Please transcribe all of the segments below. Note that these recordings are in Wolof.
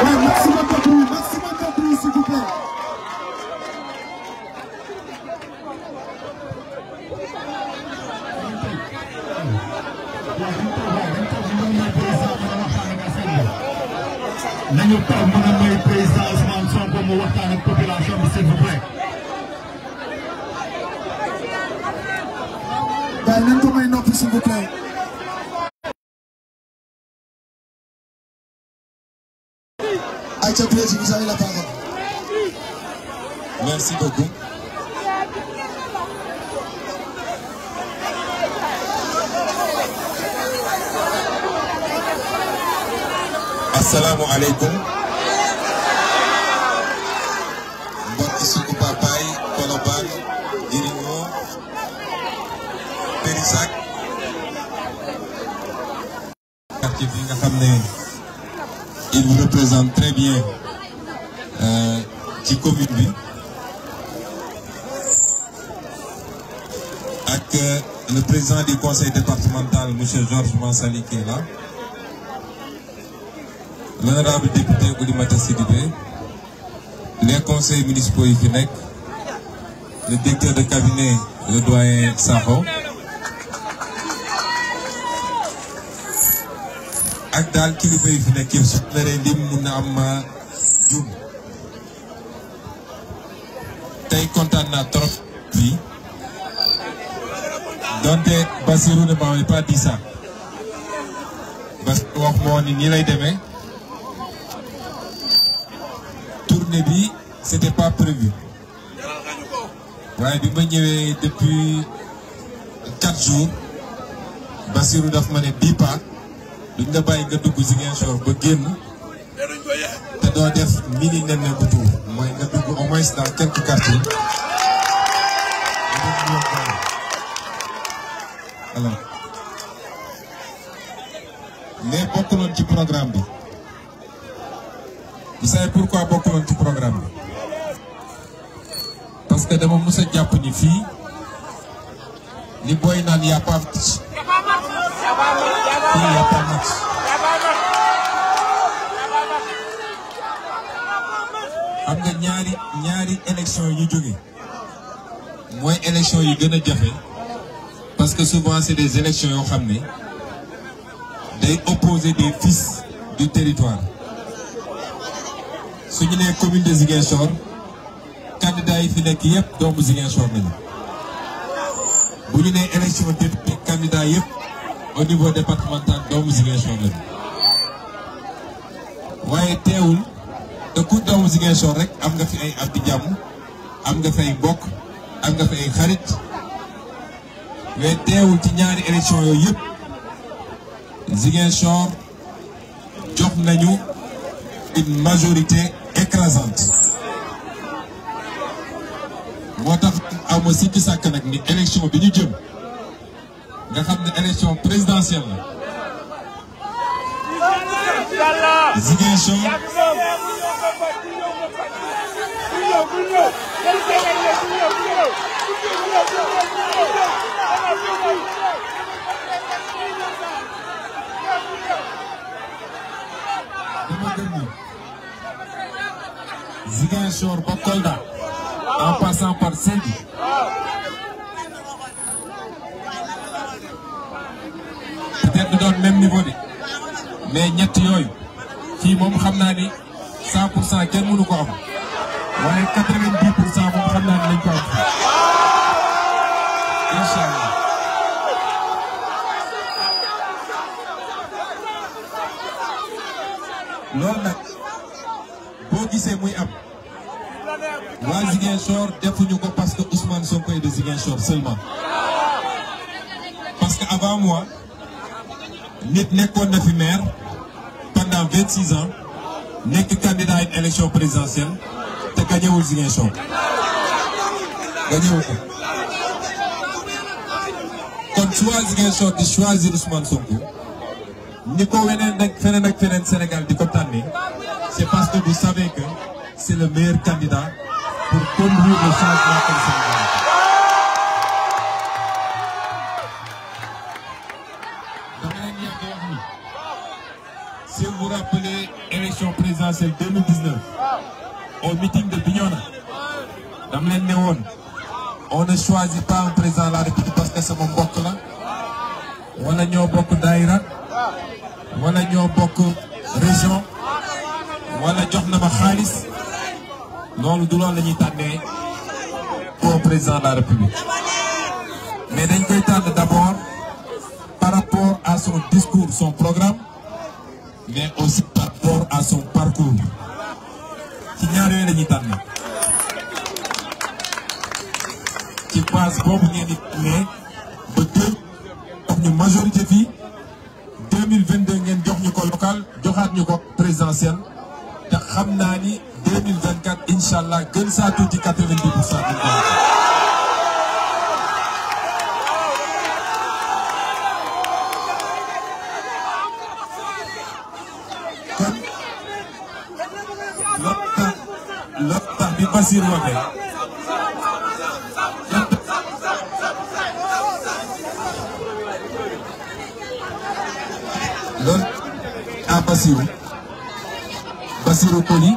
Oui, maximum de bruit, maximum de bruit, s'il vous plaît. nañu toog mën a may président Ousmane Sonko mu waxtaan ak population bi s'il vous plaît. daal nañ ko may noppi s'il vous plaît. la parole. Merci beaucoup. Assalamu alaikum. le président du conseil départemental, M. Georges Mansali, qui est là, l'honorable député Goulimata Sidibé, les conseils municipaux IFINEC, le directeur de cabinet, le doyen Saho, ak daal kilifa yi fi nekk yëpp lim mun na am ah, jum tey kontaan naa trop fii donte Bassirou ne m'avait pas dit ça Bassirou wax moo ni nii lay deme tournée bi c'était pas prévu waaye bi ma ñëwee depuis quatre jours Bassirou daf ma ne bii pas duñ la bàyyi nga dugg Ziguinchor ba génn te doo def mini nemmeeku tour mooy nga dugg au moins dans alal bokkuloon ci programme bi vous savez pourquoi bokkuloon ci programme bi parce que dama mës jàpp ni fii li booy naan y a pas am nga ñaari ñaari élection yu jóge mooy élection yi gën a jafe parce que souvent c'est des élections yoo xam ne day opposer des fils du territoire su ñu nee commune de Ziguinchor candidat yi fi nekk yëpp doomu Ziguinchor nañu bu ñu nee élection député candidat yëpp au niveau départemental doomu Ziguinchor lañu waaye teewul te ku doomu Ziguinchor rek am nga fi ay abdi jàmm am nga fi ay mbokk am nga fi ay xarit. mais teewul ci ñaari élection yooyu yëpp Ziguinchor jox nañu une majorité écrasante moo tax awma ci sàkk nag ni élection bi ñu jëm nga xam ne élection présidentielle Ziguinchor ba Kolda en passant par Sédhiou peut-être du doon même niveau bi mais ñett yooyu fii moom xam naa ni 100 pour kenn mënu ko am waaye 90 pour cent moom xam naa ni lañ ko am fii nag. waa Ziguinchor defuñu ko parce que Ousmane Sonko est de Ziguinchor seulement parce que avant moi nit nekkoon na fi maire pendant vingt six ans nekk candidat à une élection présidentielle te gañewul Ziguinchor gañewu ko kon su waa Ziguinchor di choisir Ousmane Sonko ni ko weneen ak feneen ak feneen Sénégal di ko tànnee c'est parce que vous savez que c'est le meilleur candidat pour conduire le changement comme Sénégal. dama leen yàgg wax ni si vous rappelez élection présidentielle leen ne woon on ne choisit président la République parce que sama mbokk la wala ñoo bokk daayira wala ñoo bokk région wala jox na ma xaalis. loolu du loolu la ñuy tànnee pour président la république mais dañ koy tànn d'abord par rapport à son discours son programme mais aussi par rapport à son parcours ci ñaar yooyu la ñuy tànn ci base boobu ngeen di tànnee ba deux jox ñu majorité fii ngeen jox ñu ko local joxaat ñu ko présidentielle te xam naa ni 2024 incha allah gën saa tuuti 90 pour cent bi kon lopta lopta bi Basir woote loolu a Basiru Basiru Koli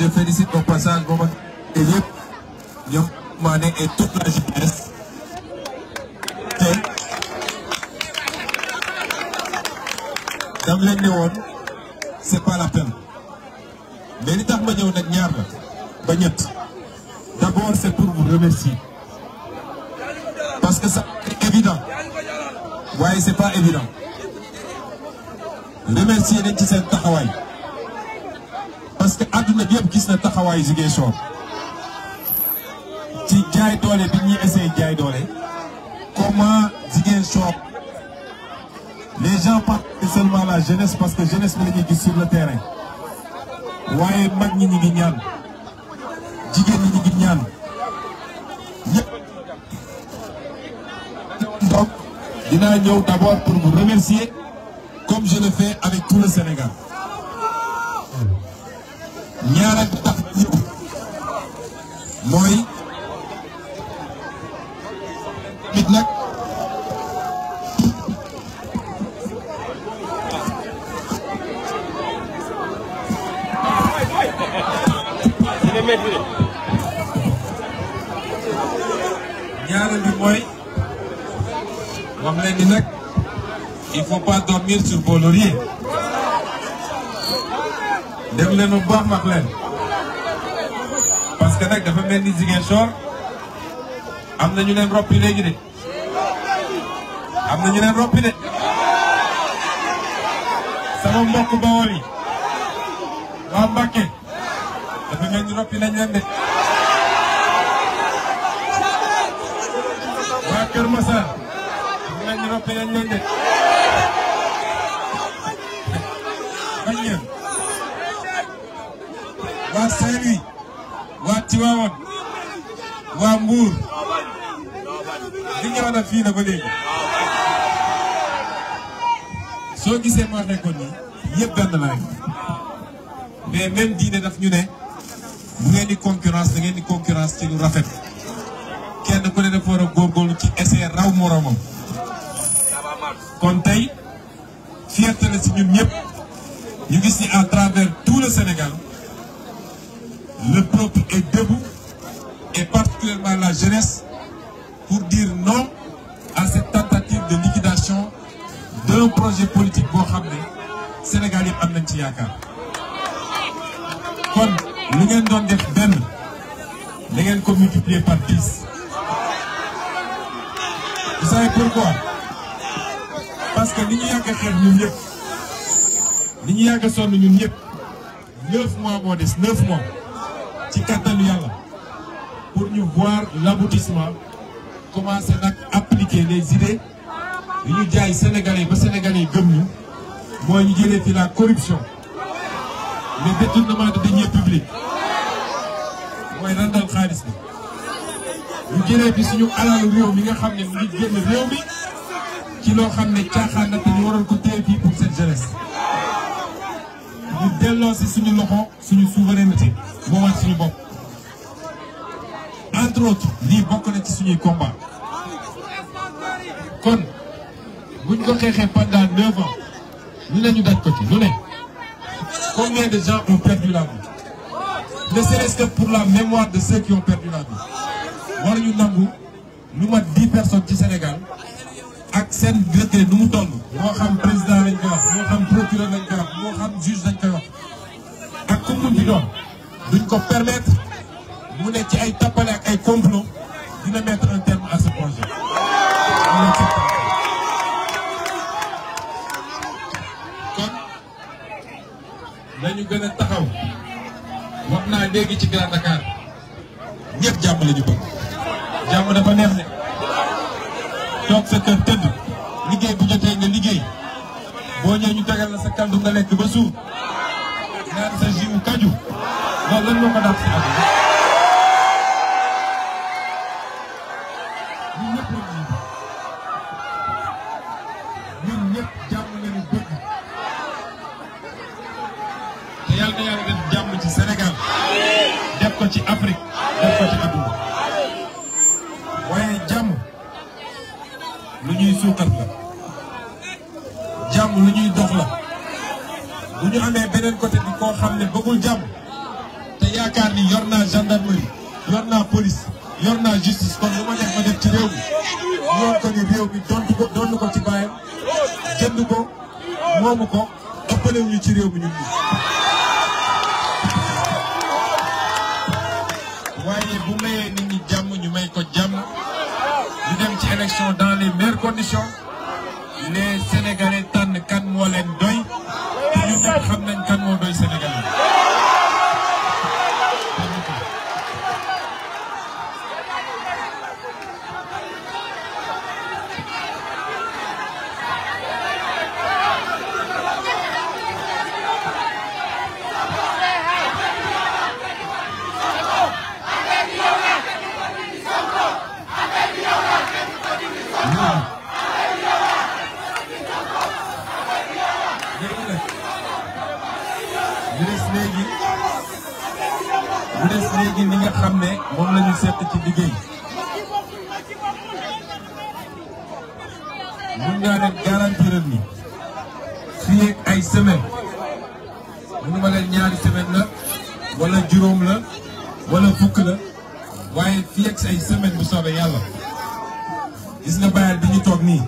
je félicite au passage Boba et yëpp ñoom Mané et toute la jeunesse te dam leen ne woon c'est pas tax ma ñëw nag ñaar la ba ñett d'abord c'est pour vous remercier parce que ça c'est waaye c'est pas évident remercier ci seen taxawaay parce que àdduna bi yëpp gis na taxawaayu Ziguinchor ci jaay doole bi ñuy essayé jaay doole comment Ziguinchor les gens parlent seulement la jeunesse parce que jeunesse bi la ñuy gis sur le terrain waaye mag ñi ñu ngi ñaan jigéen ñi ñu ngi ñaan ñëpp donc ñëw d'abord pour vous remercier comme je le fais le Sénégal ñaareel bi mooy nit nag ñaareel leen ni nag il faut pas dormir sur vos lauriers déglu leen bu leen parce que nag dafa mel ni Ziguinchor am na ñu leen roppi léegi de am na ñu leen roppi de sama mbokk Bawol yi waa Mbàkke dafa mel ni roppi leen de waa Kër Masar dafa mel roppi leen de waa Saint-Louis waa Tivaouane waa Mbour li ñu war a fii na ba léegi soo gisee maa nekkoon nii yëpp benn laay mais même diine daf ñu ne bu ngeen di concurrence da di concurrence ci lu rafet kenn ku ne dafa war a góorgóorlu ci essai raw moromam kon tey fierté la si ñun ñëpp ñu gis ni à travers tout le Sénégal Le peuple est debout et particulièrement la jeunesse pour dire non à cette tentative de liquidation d'un projet politique boo xam ne Sénégal yëpp am nañ ci yaakaar kon lu ngeen doon def benn da ngeen ko multiplier par parce que li ñu yàgg a xeex ñun ñëpp ñu yàgg a sonn ñun neuf mois moo des neuf mois. ci kattanu yàlla pour ñu voir l'aboutissement commencer nag appliquer les idées yu ñu jaay sénégalais ba sénégalais gëm ñu mooy ñu jëlee fi la corruption le détournement de deniers publics mooy randal xaalis bi ñu jëlee fi suñu alalu réew mi nga xam ne mu ngi génn réew mi ci loo xam ne caaxaan na te ñu waroon ko téye pour cette jeunesse ñu delloo suñu loxo suñu souveraineté moomal suñu bopp entre autres lii bokk na ci suñuy combat kon buñ ko pendant neuf ans lu ne ñu daj ko ci lu ne combien de gens ont perdu la vie ne serait pour la mémoire de ceux qui ont perdu la vie war ñu nangu lu mat dix personnes ci Sénégal ak seen retraite nu mu toll moo président lañ koy wax moo xam procureur lañ koy wax duñ ko permettre mu ne ci ay tappale ak ay complot dina mettre un terme à ce projet. kon nañu gën taxaw wax naa léegi ci Grand Dakar ñëpp jàmm la bëgg jàmm dafa neex ne toog sa kër tëdd liggéey bu jotee nga liggéey boo ñëwee ñu tegal la sa kaldu nga lekk ba suur naan sa jiwu kaju. lan moo ko dàq si àdduna élection dans les meilleures conditions les Sénégalais tànn kan moo leen doy léegi mu des léegi li nga xam ne moom la ñu ci liggéey mun naa leen garantiral ni fii ay semaine mënu ma leen ñaari semaine la wala juróom la wala fukk la waaye fii ak ay semaine bu soobee yàlla gis nga bayal bi ñu toog nii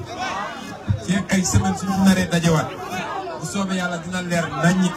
fii ay semaine suñu naree dajewaat bu soobee yàlla dina leer naññi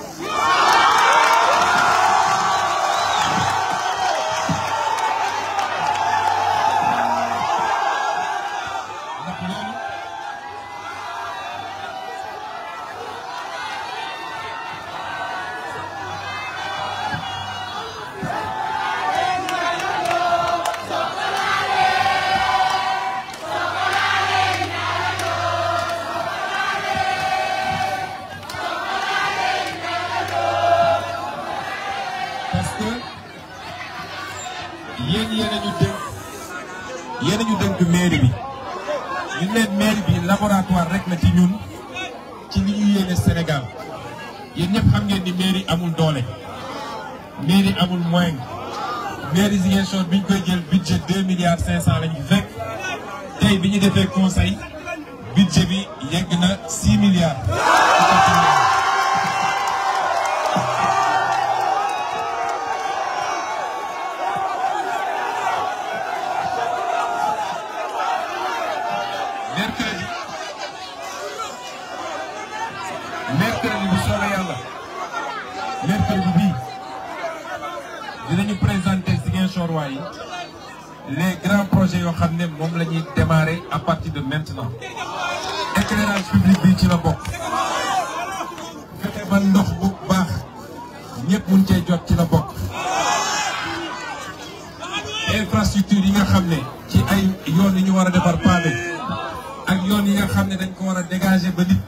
amul moyen mairie Ziguinchor bi ñu koy jël budget deux milliards cinq cent la ñu fekk tey bi ñu defee conseil budget bi yegg na six milliards. les grands projet yoo xam ne moom la ñuy démarrer à partir de maintenant éclairage public bi ci la bokk fexe ba ndox bu mun cee jot ci la bokk infrastructure yi nga xam ne ci ay yoon yi ñu war a defar pavé ak yoon yi nga xam ne dañ ko war a dégager ba nit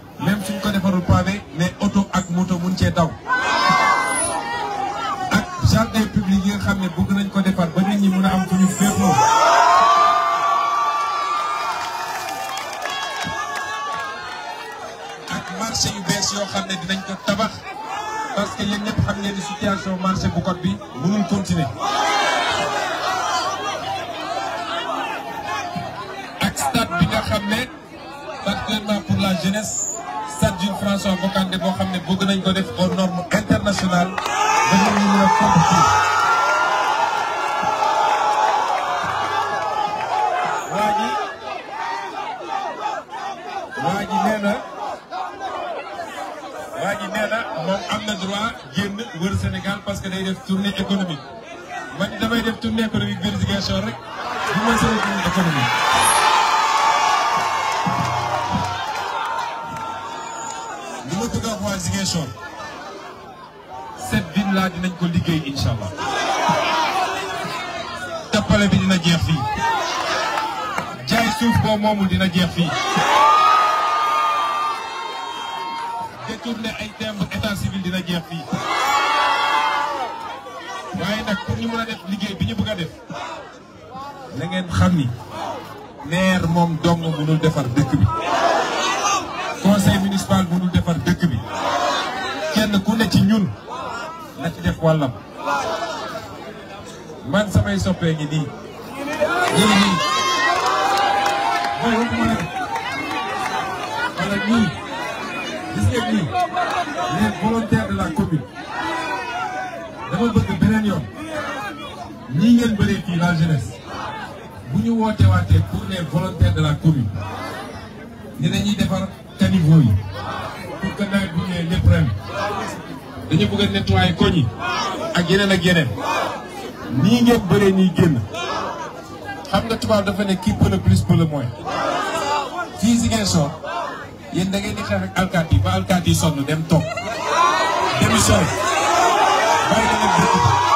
wër senegal parce que day def tournée économique man damay def tournée économique biir Ziguinchor rek bu ma sama tournée économique. li ma dinañ ko liggéey incha allah. bi dina jeex fii. jaay suuf boo moomul dina jeex fii. détourné ay termes état civil dina jeex fii. pour ñu mën def liggéey bi ñu bëgg a def na ngeen xam ni maire moom dong mënul defar dëkk bi defar dëkk bi kenn ku ne ci ñun na ci def wàllam man samay soppee ngi nii ñu ngi nii wala dama bëgg beneen yoon ñii ngeen bëree fii la jeunesse bu ñu wootewaatee pour les volontaires de la commune ne dañuy defar caniveau yi pour que nawet bu ñëwee lépp dañu bëgg a nettoyer koñ yi ak yeneen ak yeneen nii ngeen bëree nii génn xam nga tubaab dafa ne qui peut le plus peut fii si ngeen soor yéen da ngeen ak alkaat yi ba alkaat sonn dem toog démission bàyyi na leen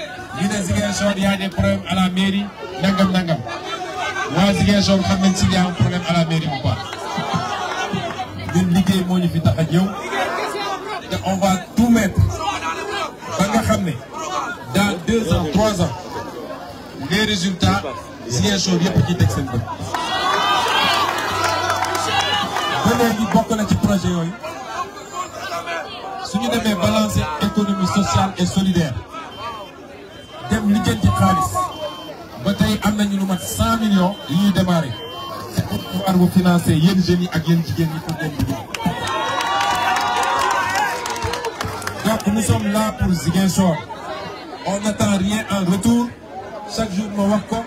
ñu ne Ziguinchor y a des à la mairie nangam nangam waa Ziguinchor xam nañ si am problème à la mairie bu baax. ñun liggéey moo ñu fi tax a ñëw te on va tout mettre ba nga xam ne dans deux ans trois ans les résultats Ziguinchor yëpp ci teg seen bët. ba bokk na ci projet yooyu su ñu demee balancer économie sociale et solidaire. ngeen ci xaalis ba tey am nañu lu mat cent millions yu ak yéen jigéen ñi pour ngeen liggéey. donc nous rien en retour chaque jour ma wax ko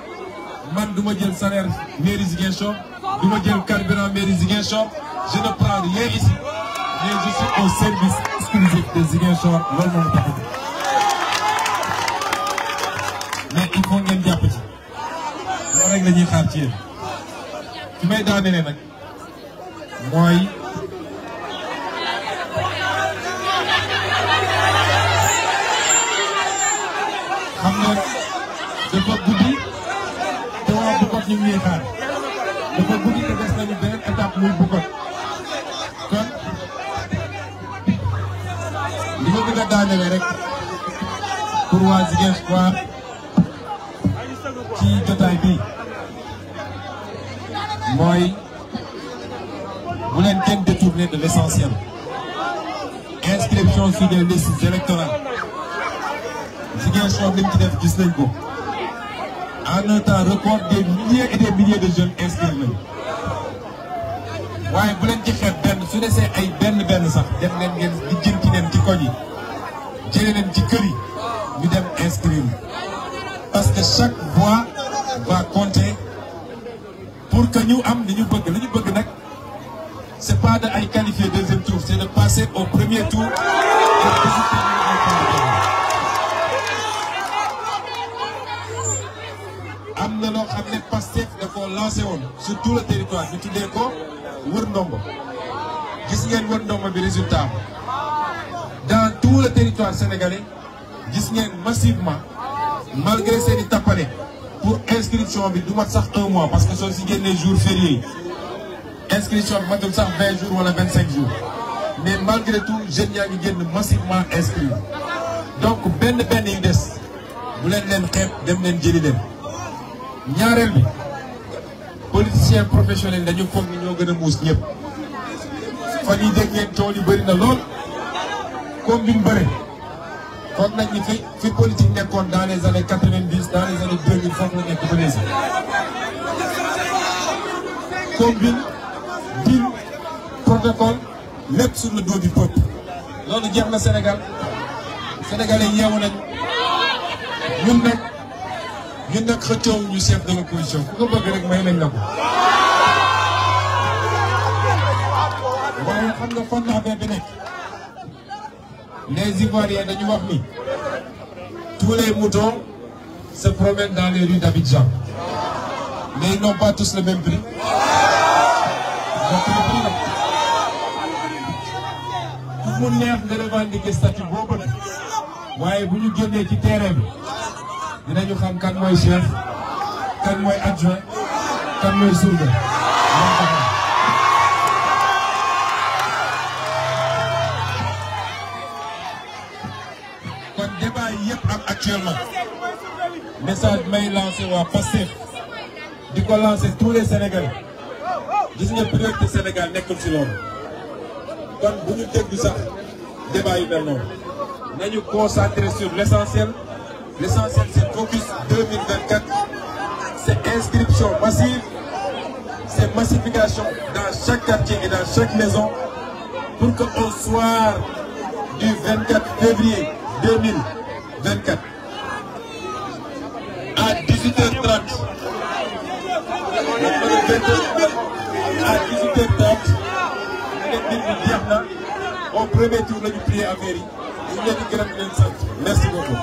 man duma jël salaire mairie Ziguinchor du ma jël carburant mairie Ziguinchor je ne prends au service exclusif de Ziguinchor loolu moo tax rek la ñuy xaar ci yéen su may daanelee nag mooy. xam nga dafa guddi te waa Bukot ñu ngi ñuy xaar dafa guddi te des nañu beneen étape muy Bukot a rek pour waa Ziguinchor. mooy bu leen kenn détourné de l'essentiel inscription sur des listes électorales Ziguinchor liñ ci def gis nañ ko en un temps record des milliers et des milliers de jeunes inscrits waaye bu leen ci xeeb benn su desee ay benn benn sax def leen ngeen di jën ci leen ci koñ yi jëlee leen ci kër yi ñu dem inscrire parce que chaque voix va compter pour que ñu am li ñu bëgg li ñu bëgg nag c'est pas de ay qualifier deuxième tour c'est de passer au premier tour pour am na loo xam ne Pastef da lancé woon sur tout le territoire ñu tuddee ko wër ndombo gis ngeen wër ndombo bi résultat dans tout le territoire sénégalais gis ngeen massivement malgré seen tappale pour inscription bi du mat sax un mois parce que soo si génnee jour férié inscription bi matul sax vingt jours wala vingt cinq jours mais malgré tout jeunes yaa ngi génn massivement inscrit donc benn benn yu des bu leen leen xeeb dem leen jëli leen ñaareel bi politiciens professionnels dañu foog ni ñoo gën a muus ñëpp fan yi dégg ngeen tool yi bëri na lool combine bëri kon nag ñu fi fi politique nekkoon dans les années quatre vingt dix dans les années deux mille foofu la nekk ba léegi. combine deal protocole lépp sur le dos du peuple. loolu jeex na Sénégal sénégalais yeewu nañ ñun nag ñun nag xëccoowu ñu de l'opposition ku ko bëgg rek may nekk. les Ivoiriens dañu wax ni tous les moutons se promènent dans les rues d'Abidjan mais ils n'ont pas tous le neex nga revendiquer statut boobu nag waaye bu ñu génnee ci terrain bi dinañu xam kan mooy chef kan mooy adjoint lancer waa di ko lancer les Sénégalais gis nga priorité nekkul ci bu ñu déglu sax débat yu mel noonu nañu concentrer sur l'essentiel l'essentiel c'est focus 2024 c'est inscription massive c'est massification dans quartier et dans chaque maison pour que au soir du 24 février 18h30 à 18h30 nekk mbir mi jeex na au premier tour la ñu plié affaire yi ñu leen di gërëm di leen sant merci beaucoup.